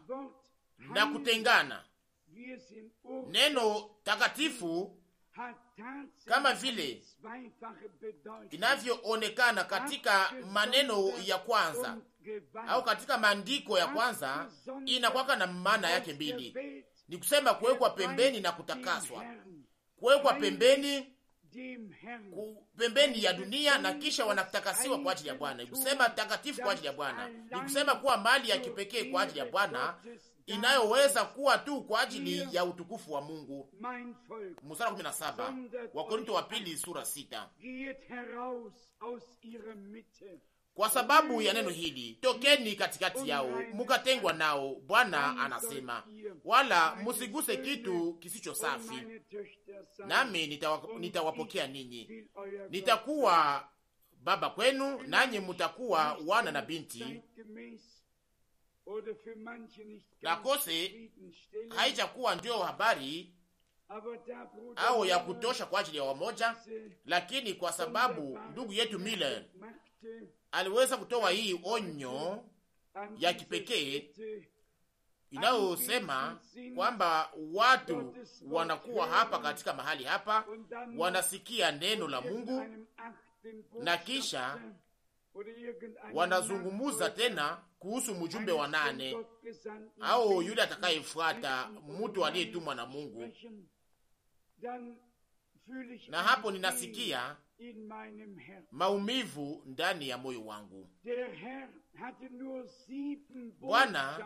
na kutengana. Neno takatifu kama vile inavyoonekana katika maneno ya kwanza au katika maandiko ya kwanza, inakwaka na maana yake mbili, ni kusema kuwekwa pembeni na kutakaswa, kuwekwa pembeni pembeni ya dunia, na kisha wanatakasiwa kwa ajili ya Bwana, ikusema takatifu kwa ajili ya Bwana, ikusema kuwa mali ya kipekee kwa ajili ya Bwana inayoweza kuwa tu kwa ajili ya utukufu wa Mungu. Mstari na saba Wakorinto wa pili sura sita kwa sababu ya neno hili, tokeni katikati yao, mukatengwa nao. Bwana anasema, wala musiguse kitu kisicho safi, nami nitawapokea nita ninyi, nitakuwa baba kwenu, nanyi mutakuwa wana na binti. Lakose haijakuwa ndio habari au ya kutosha kwa ajili ya wamoja, lakini kwa sababu ndugu yetu Miller aliweza kutoa hii onyo ya kipekee inayosema kwamba watu wanakuwa hapa katika mahali hapa, wanasikia neno la Mungu na kisha wanazungumuza tena kuhusu mjumbe wa nane au yule atakayefuata mtu aliyetumwa na Mungu, na hapo ninasikia maumivu ndani ya moyo wangu. Bwana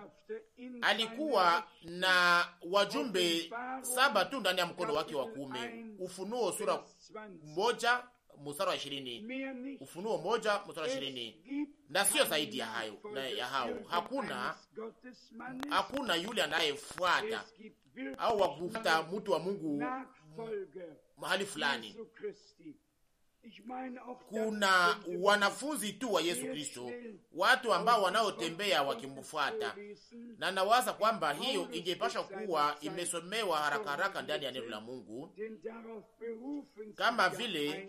alikuwa na wajumbe saba tu ndani ya mkono wake wa kuume. Ufunuo sura moja mstari wa ishirini. Ufunuo moja mstari wa ishirini, na sio zaidi ya hayo na ya hao. Hakuna, hakuna yule anayefuata au wakufuta mtu wa Mungu mahali fulani kuna wanafunzi tu wa Yesu Kristo, watu ambao wanaotembea wakimfuata, na nawaza kwamba hiyo ingepasha kuwa imesomewa haraka haraka ndani ya neno la Mungu, kama vile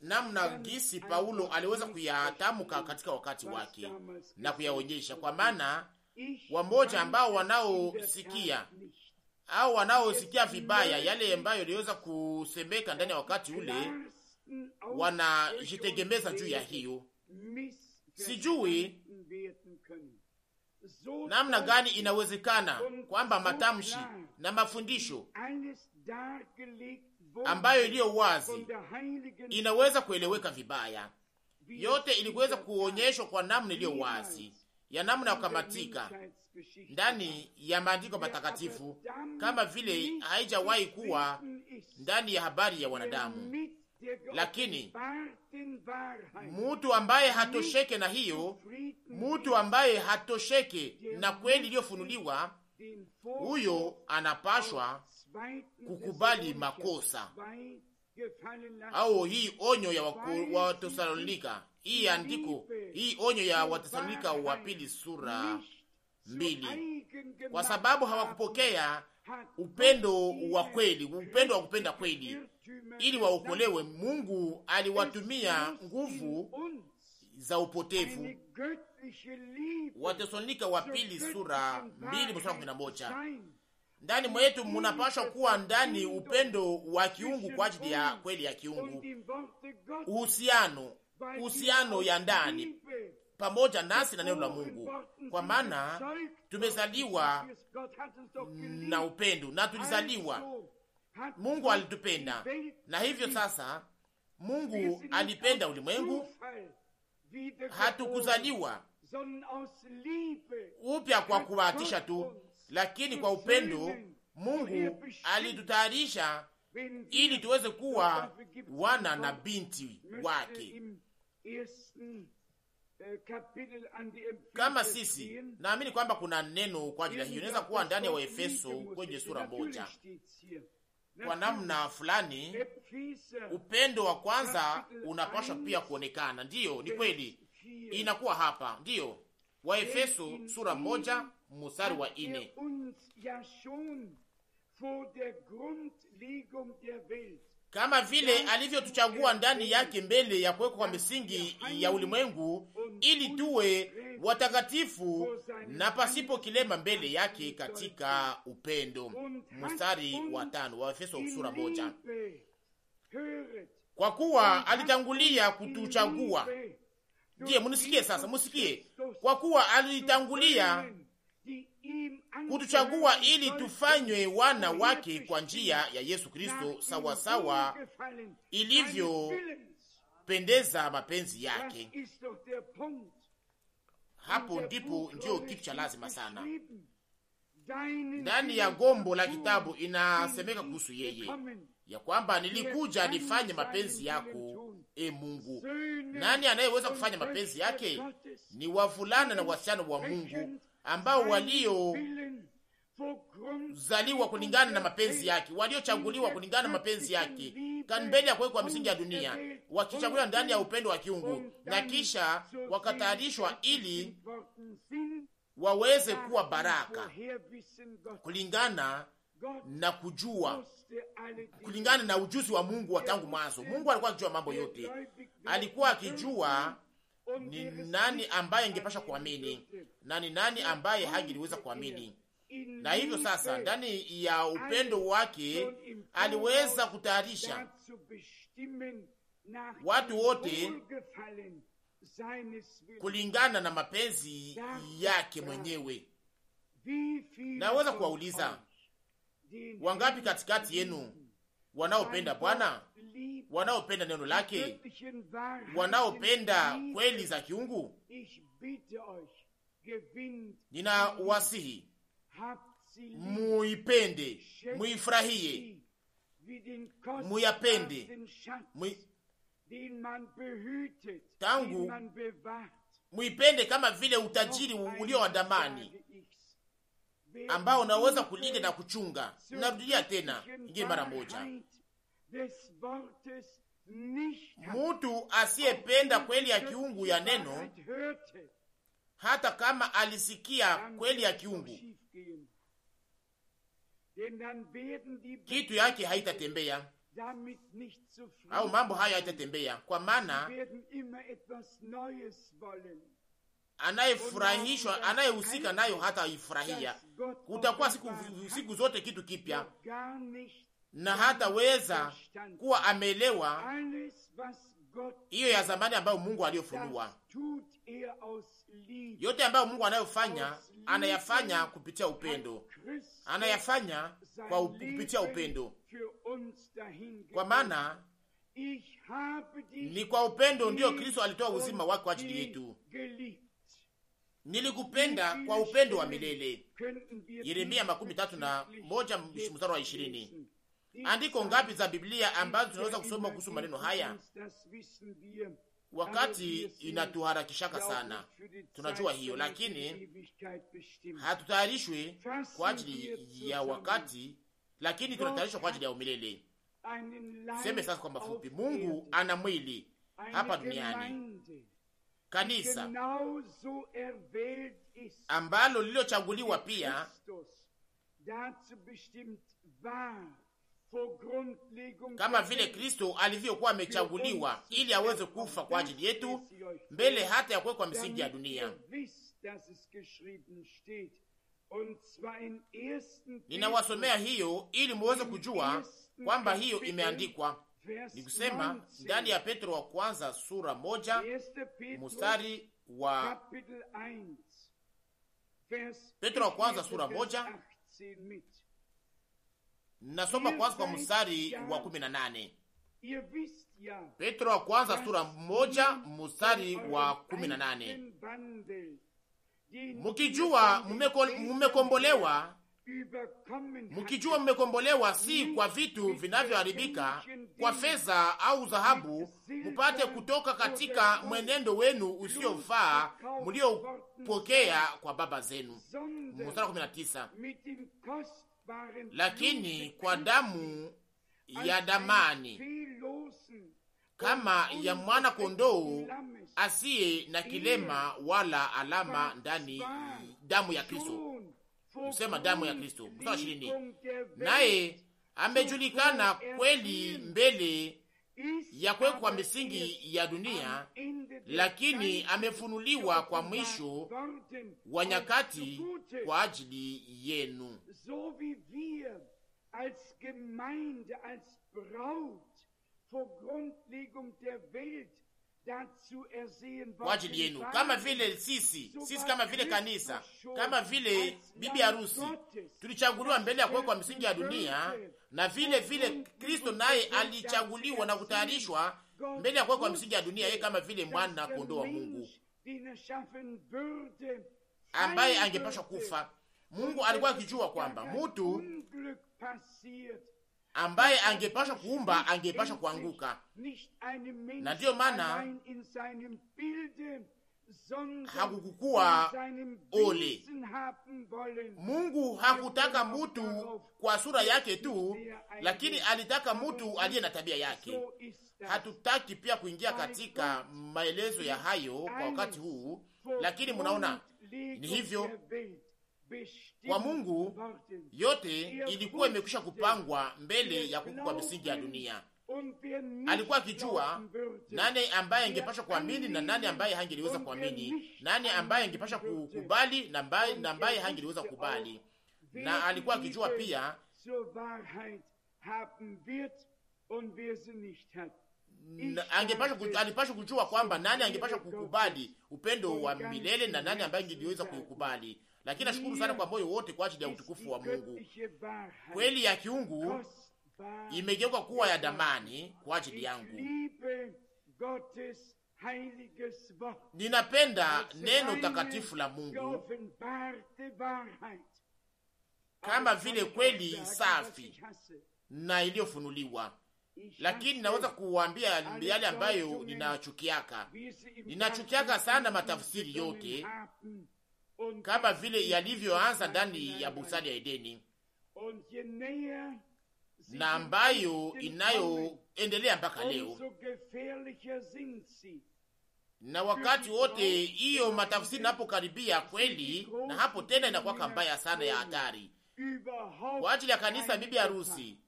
namna gisi Paulo aliweza kuyatamka katika wakati wake na kuyaonyesha, kwa maana wamoja ambao wanaosikia au wanaosikia vibaya yale ambayo iliweza kusemeka ndani ya wakati ule wanajitegemeza juu ya hiyo. Sijui namna gani inawezekana kwamba matamshi na mafundisho ambayo iliyo wazi inaweza kueleweka vibaya. Yote iliweza kuonyeshwa kwa namna iliyo wazi ya namna ya kukamatika ndani ya maandiko matakatifu, kama vile haijawahi kuwa ndani ya habari ya wanadamu lakini mutu ambaye hatosheke na hiyo, mutu ambaye hatosheke na kweli iliyofunuliwa, huyo anapashwa kukubali makosa au hii onyo ya Watesalonika, hii andiko, hii onyo ya Watesalonika wa pili sura mbili, kwa sababu hawakupokea upendo wa kweli, upendo wa kupenda kweli ili waokolewe. Mungu aliwatumia nguvu za upotevu. Watesalonika wa pili sura mbili mstari kumi na moja. Ndani mwetu munapashwa kuwa ndani upendo wa kiungu kwa ajili ya kweli ya kiungu, uhusiano uhusiano ya ndani pamoja nasi na neno la Mungu, kwa maana tumezaliwa na upendo na tulizaliwa Mungu alitupenda, na hivyo sasa Mungu alipenda ulimwengu, hatukuzaliwa upya kwa kubahatisha tu, lakini kwa upendo Mungu alitutayarisha ili tuweze kuwa wana na binti wake kama sisi. Naamini kwamba kuna neno kwa ajili ya hiyo, inaweza kuwa ndani ya Waefeso kwenye sura moja kwa namna fulani, upendo wa kwanza unapaswa pia kuonekana. Ndiyo, ni kweli, inakuwa hapa. Ndiyo, Waefeso sura moja mstari wa ine kama vile alivyotuchagua ndani yake mbele ya kuwekwa kwa misingi ya ulimwengu, ili tuwe watakatifu na pasipo kilema mbele yake katika upendo. Mstari wa tano wa Efeso sura moja. Kwa kuwa alitangulia kutuchagua. Ndiye, munisikie sasa, musikie. Kwa kuwa alitangulia kutuchagua ili tufanywe wana wake kwa njia ya Yesu Kristo, sawasawa ilivyopendeza mapenzi yake. Hapo ndipo ndiyo kitu cha lazima sana. Ndani ya gombo la kitabu inasemeka kuhusu yeye ya kwamba nilikuja nifanye mapenzi yako, e Mungu. Nani anayeweza kufanya mapenzi yake? Ni wavulana na wasichana wa Mungu ambao waliozaliwa kulingana na mapenzi yake, waliochaguliwa kulingana na mapenzi yake mbele ya kuwekwa misingi ya dunia, wakichaguliwa ndani ya upendo wa kiungu, na kisha wakatayarishwa ili waweze kuwa baraka kulingana na kujua kulingana na ujuzi wa Mungu wa tangu mwanzo. Mungu alikuwa akijua mambo yote, alikuwa akijua ni nani ambaye ingepasha kuamini na ni nani ambaye hangeliweza kuamini. Na hivyo sasa, ndani ya upendo wake aliweza kutayarisha watu wote kulingana na mapenzi yake mwenyewe. Naweza kuwauliza wangapi katikati yenu wanaopenda Bwana, wanaopenda neno lake, wanaopenda kweli za kiungu. Ninawasihi muipende, muifurahie, muyapende tangu muipende kama vile utajiri ulio wa damani ambao unaweza kulinda na kuchunga. Narudia tena ingine mara moja, mutu asiyependa kweli ya kiungu ya neno, hata kama alisikia kweli ya kiungu, kitu yake haitatembea au mambo hayo haitatembea, kwa maana anayefurahishwa anayehusika nayo hata ifurahia. Kutakuwa siku, siku zote kitu kipya, na hataweza kuwa amelewa hiyo ya zamani ambayo Mungu aliyofunua. Yote ambayo Mungu anayofanya anayafanya kupitia upendo, anayafanya kwa up, kupitia upendo, kwa maana ni kwa upendo ndiyo Kristo alitoa uzima wake kwa ajili yetu nilikupenda kwa upendo wa milele. Yeremia makumi tatu na moja mstari wa ishirini. Andiko ngapi za Biblia ambazo tunaweza kusoma kuhusu maneno haya? Wakati inatuharakishaka sana, tunajua hiyo, lakini hatutayarishwi kwa ajili ya wakati, lakini tunatayarishwa kwa ajili ya umilele. Seme sasa kwa mafupi, Mungu ana mwili hapa duniani kanisa ambalo lilochaguliwa pia kama vile Kristo alivyokuwa amechaguliwa ili aweze kufa er kwa ajili yetu mbele hata ya kuwekwa misingi ya dunia. Ninawasomea hiyo ili muweze kujua kwamba hiyo imeandikwa ni kusema ndani ya Petro wa kwanza sura moja mustari wa Petro wa kwanza sura moja nasoma kwanza kwa mustari wa kumi na nane. Petro wa kwanza sura moja mustari wa kumi na nane mukijua mumekombolewa mkijua mmekombolewa si kwa vitu vinavyoharibika, kwa fedha au dhahabu, mupate kutoka katika mwenendo wenu usiofaa mliopokea kwa baba zenu. lakini kwa damu ya damani kama ya mwana kondoo asiye na kilema wala alama ndani damu ya Kristo kusema damu ya Kristo. Mstari ishirini, naye amejulikana kweli mbele ya kuwekwa kwa misingi ya dunia, lakini amefunuliwa kwa mwisho wa nyakati kwa ajili yenu. Als als Gemeinde, Braut, vor Grundlegung der Welt kwa ajili yenu, kama vile sisi sisi, kama vile kanisa, kama vile bibi harusi tulichaguliwa mbele ya kuwekwa misingi ya dunia, na vile vile Kristo naye alichaguliwa na kutayarishwa mbele ya kuwekwa misingi ya dunia, yeye kama vile mwana kondoo wa Mungu ambaye angepashwa kufa. Mungu alikuwa akijua kwamba mutu ambaye angepasha kuumba angepasha kuanguka, na ndiyo maana hakukukuwa ole. Mungu hakutaka mutu kwa sura yake tu, lakini alitaka mutu aliye na tabia yake. Hatutaki pia kuingia katika maelezo ya hayo kwa wakati huu, lakini munaona ni hivyo kwa Mungu yote ilikuwa imekwisha kupangwa mbele ya kuku kwa misingi ya dunia. Alikuwa akijua nani ambaye angepasha kuamini na nani ambaye hangeliweza kuamini, nani ambaye angepasha kukubali na er ambaye hangeliweza kukubali, na alikuwa akijua pia alipasha kujua kwamba nani angepasha kukubali upendo wa milele na nani ambaye angeliweza kukubali lakini nashukuru sana kwa moyo wote kwa ajili ya utukufu wa Mungu. Kweli ya kiungu imegeuka kuwa ya damani kwa ajili yangu. Ninapenda neno takatifu la Mungu kama vile kweli safi na iliyofunuliwa, lakini naweza kuwaambia yale ambayo ninachukiaka. Ninachukiaka sana matafsiri yote kama vile yalivyoanza ndani ya bustani ya Edeni na ambayo inayoendelea mpaka leo, na wakati wote hiyo matafsiri inapokaribia kweli, na hapo tena inakuwa mbaya sana ya hatari kwa ajili ya kanisa bibi harusi.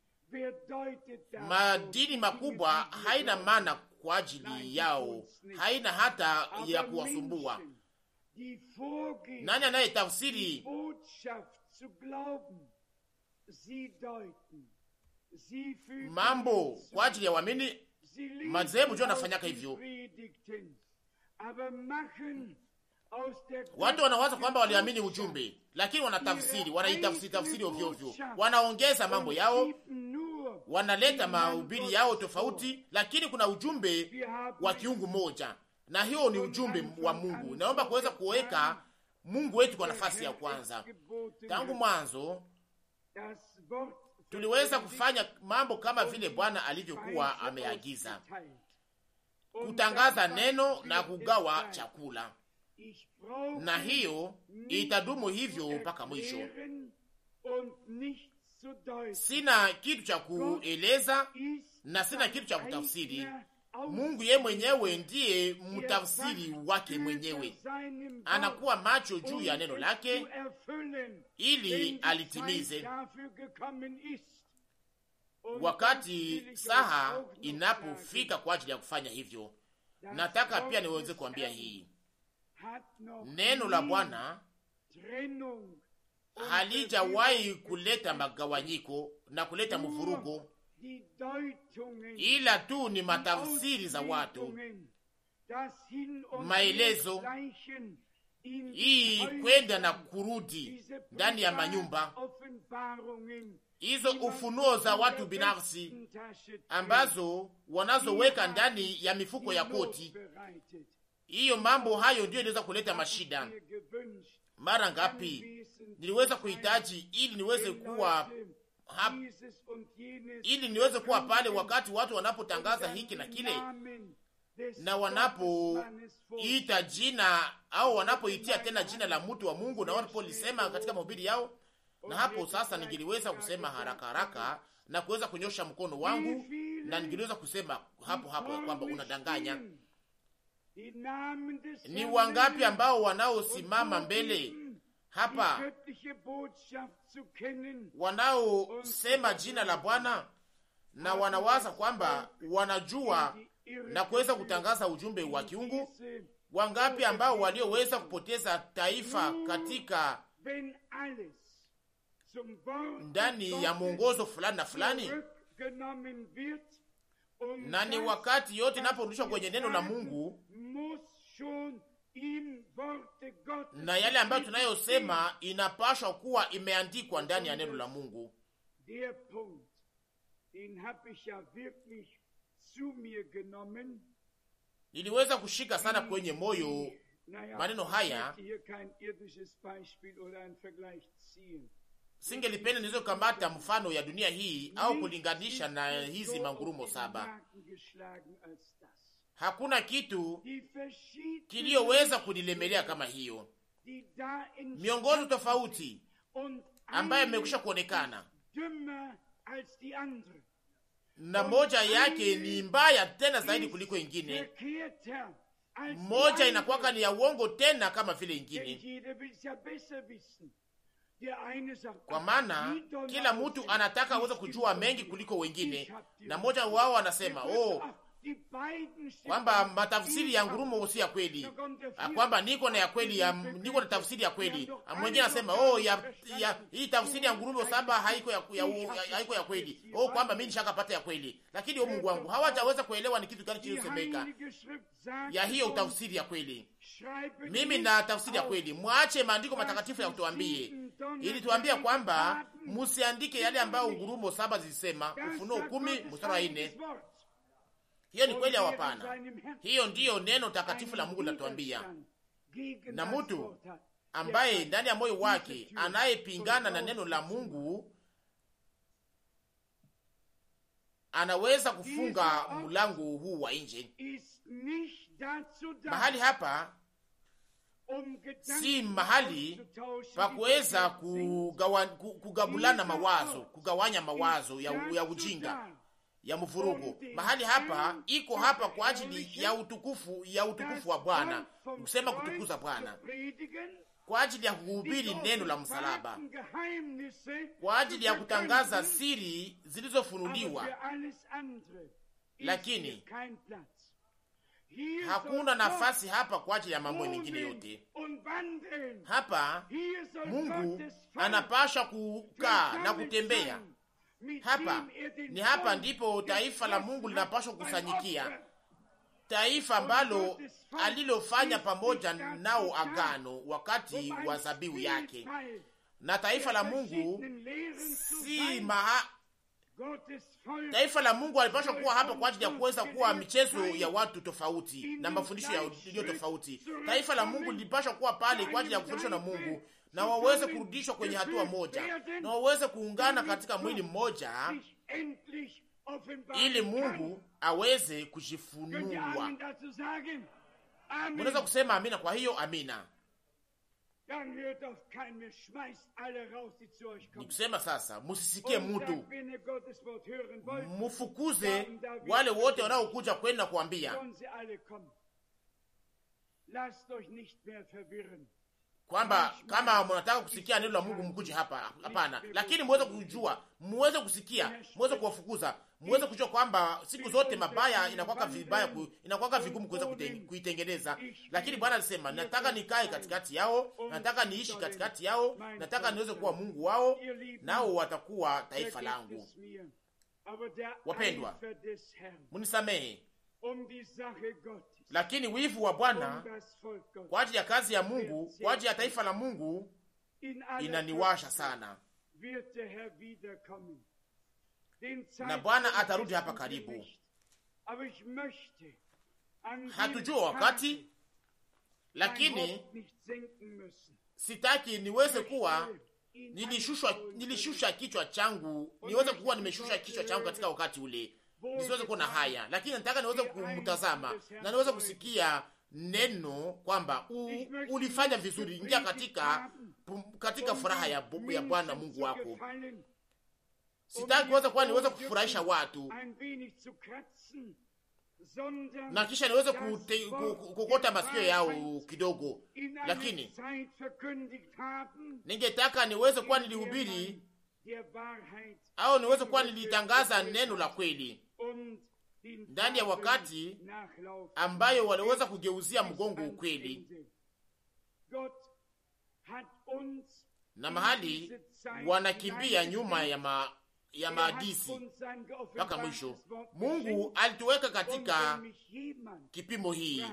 Madini makubwa haina maana kwa ajili yao, haina hata ya kuwasumbua nani anaye tafsiri mambo kwa ajili ya waamini? Madhehebu ndio anafanyaka hivyo. Watu wanawaza kwamba waliamini ujumbe, lakini wanatafsiri, wanaitafsiri tafsiri ovyo ovyo, wanaongeza mambo yao, wanaleta mahubiri yao tofauti, lakini kuna ujumbe wa kiungu moja na hiyo ni ujumbe wa Mungu. Naomba kuweza kuweka Mungu wetu kwa nafasi ya kwanza. Tangu mwanzo tuliweza kufanya mambo kama vile Bwana alivyokuwa ameagiza, kutangaza neno na kugawa chakula, na hiyo itadumu hivyo mpaka mwisho. Sina kitu cha kueleza na sina kitu cha kutafsiri. Mungu ye mwenyewe ndiye mtafsiri wake mwenyewe, anakuwa macho juu ya neno lake ili alitimize wakati saha inapofika kwa ajili ya kufanya hivyo. Nataka pia niweze kuambia hii, neno la Bwana halijawahi kuleta magawanyiko na kuleta mvurugo ila tu ni matafsiri za watu, maelezo hii kwenda na kurudi ndani ya manyumba hizo, ufunuo za watu binafsi ambazo wanazoweka ndani ya mifuko ya koti hiyo. Mambo hayo ndiyo inaweza kuleta mashida. Mara ngapi niliweza kuhitaji ili niweze kuwa hap, ili niweze kuwa pale wakati watu wanapotangaza hiki na kile na wanapoita jina au wanapoitia tena jina la mtu wa Mungu na wanapolisema katika mahubiri yao. Na hapo sasa ningeliweza kusema haraka haraka na kuweza kunyosha mkono wangu, na ningeliweza kusema hapo hapo kwamba unadanganya. Ni wangapi ambao wanaosimama mbele hapa wanaosema jina la Bwana na wanawaza kwamba wanajua na kuweza kutangaza ujumbe wa kiungu. Wangapi ambao walioweza kupoteza taifa katika ndani ya mwongozo fulani na fulani, na ni wakati yote inaporudishwa kwenye neno la Mungu na yale ambayo tunayosema inapashwa kuwa imeandikwa ndani ya neno la Mungu. Niliweza kushika sana kwenye moyo maneno haya, singelipenda niweze kukamata mfano ya dunia hii au kulinganisha na hizi mangurumo saba Hakuna kitu kiliyoweza kunilemelea kama hiyo. Miongozo tofauti ambayo imekwisha kuonekana na moja yake ni mbaya tena zaidi kuliko ingine. Moja inakuwaka ni ya uongo tena kama vile ingine, kwa maana kila mtu anataka aweze kujua mengi kuliko wengine, na moja wao anasema oh, kwamba matafsiri ya ngurumo si ya kweli, ah, kwamba niko na ya kweli ya, niko na tafsiri ya kweli. Ah, mwingine anasema oh, ya, ya hii tafsiri ya ngurumo saba haiko ya, ya, ya, haiko ya kweli oh, kwamba mimi nishakapata ya kweli, lakini oh, Mungu wangu hawajaweza kuelewa ni kitu gani kilichosemeka ya hiyo tafsiri ya kweli. Mimi na tafsiri ya kweli, mwache maandiko matakatifu ya kutuambie, ili tuambie kwamba msiandike yale ambayo ngurumo saba zilisema. Ufunuo kumi mstari wa nne. Hiyo ni kweli au hapana? Hiyo ndiyo neno takatifu la Mungu linatuambia. Na mtu ambaye ndani ya moyo wake anayepingana na neno la Mungu anaweza kufunga mlango huu wa nje. Mahali hapa si mahali pa kuweza kugawulana mawazo, kugawanya mawazo ya, ya ujinga ya mvurugo. Mahali hapa iko hapa kwa ajili ya utukufu ya utukufu wa Bwana, kusema kutukuza Bwana kwa ajili ya kuhubiri neno la msalaba, kwa ajili ya kutangaza siri zilizofunuliwa, lakini hakuna nafasi hapa kwa ajili ya mambo mengine yote. Hapa Mungu anapasha kukaa na kutembea hapa ni hapa ndipo taifa la Mungu linapaswa kusanyikia taifa ambalo alilofanya pamoja nao agano wakati wa zabihu yake. Na taifa la Mungu si maha... taifa la Mungu alipaswa kuwa hapa kwa ajili ya kuweza kuwa michezo ya watu tofauti na mafundisho yaliyo tofauti. Taifa la Mungu lilipaswa kuwa pale kwa ajili ya kufundishwa na Mungu na waweze kurudishwa kwenye hatua moja, na waweze kuungana katika mwili mmoja, ili Mungu aweze kujifunua. Unaweza kusema amina? Kwa hiyo amina kusema sasa, musisikie mutu, mufukuze wale wote wanaokuja kwenu na kuambia kwamba kama mnataka kusikia neno la Mungu mkuje hapa. Hapana, lakini muweze kujua, muweze kusikia, muweze kuwafukuza, muweze kujua kwamba siku zote mabaya inakuwa vibaya, inakuwa vigumu kuweza kuitengeneza. Lakini Bwana alisema, nataka nikae katikati yao, nataka niishi katikati yao, nataka niweze kuwa Mungu wao, nao watakuwa taifa langu. Wapendwa, munisamehe um, lakini wivu wa Bwana kwa ajili ya kazi ya Mungu, kwa ajili ya taifa la Mungu inaniwasha sana, na Bwana atarudi hapa karibu. Hatujua wakati, lakini sitaki niweze kuwa nilishusha, nilishusha kichwa changu, niweze kuwa nimeshusha kichwa changu katika wakati ule nisiweze kuona haya, lakini nataka niweze kumtazama na niweze kusikia neno kwamba ulifanya vizuri, ingia katika katika furaha ya, ya Bwana Mungu wako. Sitaki kuweza kuwa niweze kufurahisha watu na kisha niweze kukokota masikio yao kidogo, lakini ningetaka niweze kuwa nilihubiri au niweze kuwa nilitangaza neno la kweli ndani ya wakati ambayo waliweza kugeuzia mgongo ukweli na mahali wanakimbia nyuma ya, ma, ya maagizi mpaka mwisho. Mungu alituweka katika kipimo hii,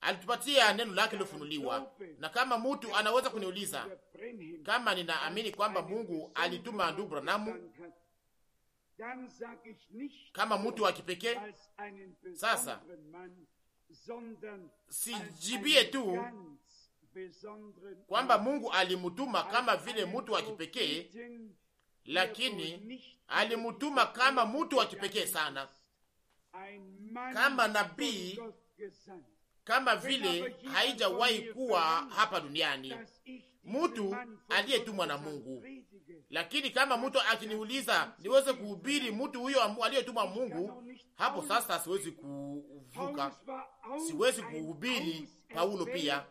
alitupatia neno lake lilofunuliwa. Na kama mtu anaweza kuniuliza kama ninaamini kwamba Mungu alituma ndugu Branamu kama mtu wa kipekee. Sasa sijibie tu kwamba Mungu alimutuma kama vile mtu wa kipekee, lakini alimutuma kama mtu wa kipekee sana, kama nabii, kama vile haijawahi kuwa hapa duniani, mtu aliyetumwa na Mungu lakini kama mtu akiniuliza niweze kuhubiri mtu huyo aliyetumwa Mungu, hapo sasa siwezi kuvuka, siwezi kuhubiri Paulo. Pia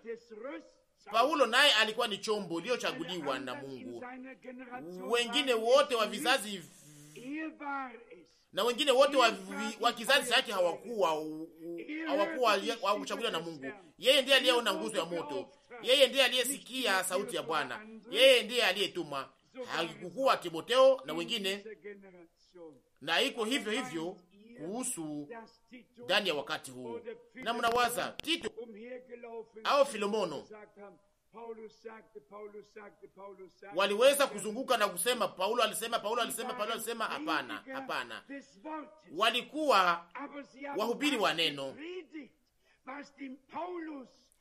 Paulo naye alikuwa ni chombo iliyochaguliwa na Mungu. Wengine wote wa vizazi na wengine wote wa, wa kizazi chake hawakuwa hawakuwa hawakuchaguliwa na Mungu. Yeye ndiye aliyeona nguzo ya moto, yeye ndiye aliyesikia sauti ya Bwana, yeye ndiye aliyetuma haikukuwa Timoteo na wengine, na iko hivyo hivyo kuhusu ndani ya wakati huu. Na mnawaza Tito au Filomono waliweza kuzunguka na kusema Paulo alisema, Paulo alisema, Paulo alisema. Hapana, hapana, walikuwa wahubiri wa neno,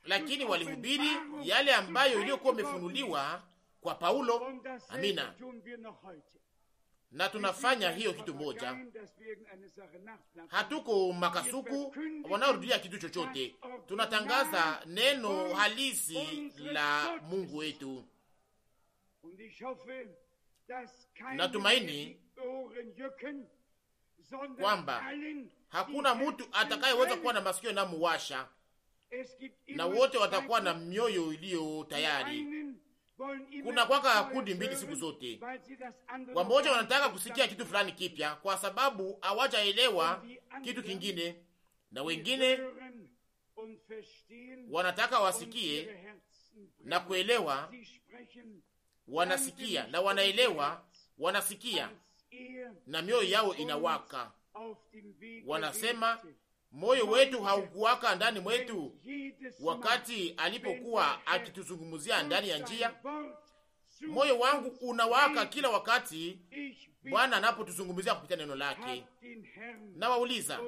lakini walihubiri yale ambayo iliyokuwa imefunuliwa kwa Paulo. Amina, na tunafanya hiyo kitu moja, hatuko makasuku wanaorudia kitu chochote. Tunatangaza neno halisi la Mungu wetu. Natumaini kwamba hakuna mtu atakayeweza kuwa na masikio na muwasha, na wote watakuwa na mioyo iliyo tayari kuna kwaka kundi mbili siku zote, wamoja wanataka kusikia kitu fulani kipya kwa sababu hawajaelewa kitu kingine, na wengine wanataka wasikie na kuelewa. Wanasikia na wanaelewa, wanasikia na mioyo yao inawaka, wanasema moyo wetu haukuwaka ndani mwetu wakati alipokuwa akituzungumzia ndani ya njia? Moyo wangu unawaka kila wakati Bwana anapotuzungumzia kupitia neno lake. Nawauliza,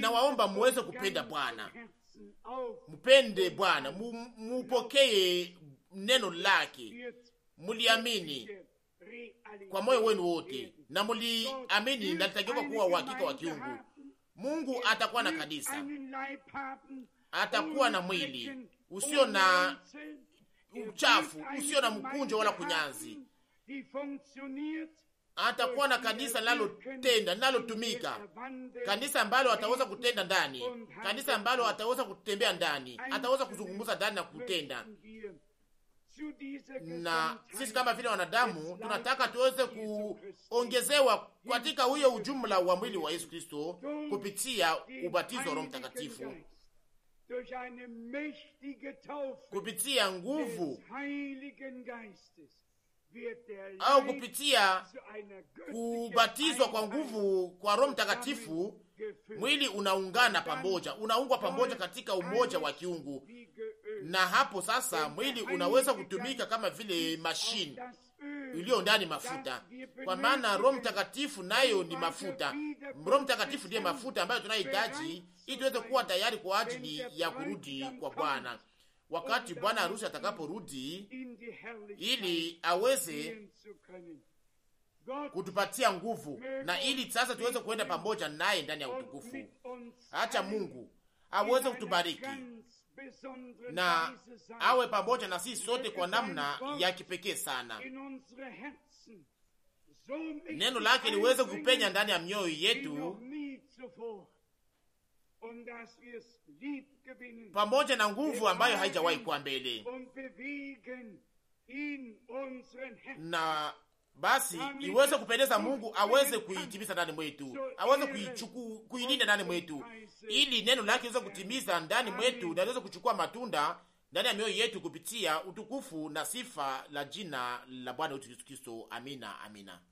nawaomba na muweze kupenda Bwana, mpende Bwana, mupokee neno lake, muliamini kwa moyo wenu wote, na muliamini nalitageuka kuwa uhakika wa kiungu. Mungu atakuwa na kanisa, atakuwa na mwili usio na uchafu, usio na mkunjo wala kunyanzi. Atakuwa na kanisa linalotenda, linalotumika, kanisa ambalo ataweza kutenda ndani, kanisa ambalo ataweza kutembea ndani, ataweza kuzungumza ndani na kutenda na sisi kama vile wanadamu tunataka tuweze kuongezewa katika huyo ujumla wa mwili wa Yesu Kristo kupitia ubatizo wa Roho Mtakatifu, kupitia nguvu au kupitia kubatizwa kwa nguvu kwa Roho Mtakatifu, mwili unaungana pamoja, unaungwa pamoja katika umoja wa kiungu na hapo sasa mwili unaweza kutumika kama vile mashini iliyo ndani mafuta, kwa maana Roho Mtakatifu nayo ni mafuta. Roho Mtakatifu ndiye mafuta ambayo tunahitaji ili tuweze kuwa tayari kwa ajili ya kurudi kwa Bwana wakati bwana harusi atakaporudi, ili aweze kutupatia nguvu na ili sasa tuweze kuenda pamoja naye ndani ya utukufu. Acha Mungu aweze kutubariki na awe pamoja na sisi sote kwa namna ya kipekee sana, neno lake liweze kupenya ndani ya mioyo yetu pamoja na nguvu ambayo haijawahi kuwa mbele na basi iweze kupendeza Mungu aweze kuitimiza ndani mwetu, aweze kuichukua kuilinda ndani mwetu, ili neno lake liweze kutimiza ndani mwetu na liweze kuchukua matunda ndani ya mioyo yetu kupitia utukufu na sifa la jina la Bwana wetu Yesu Kristo. Amina, amina.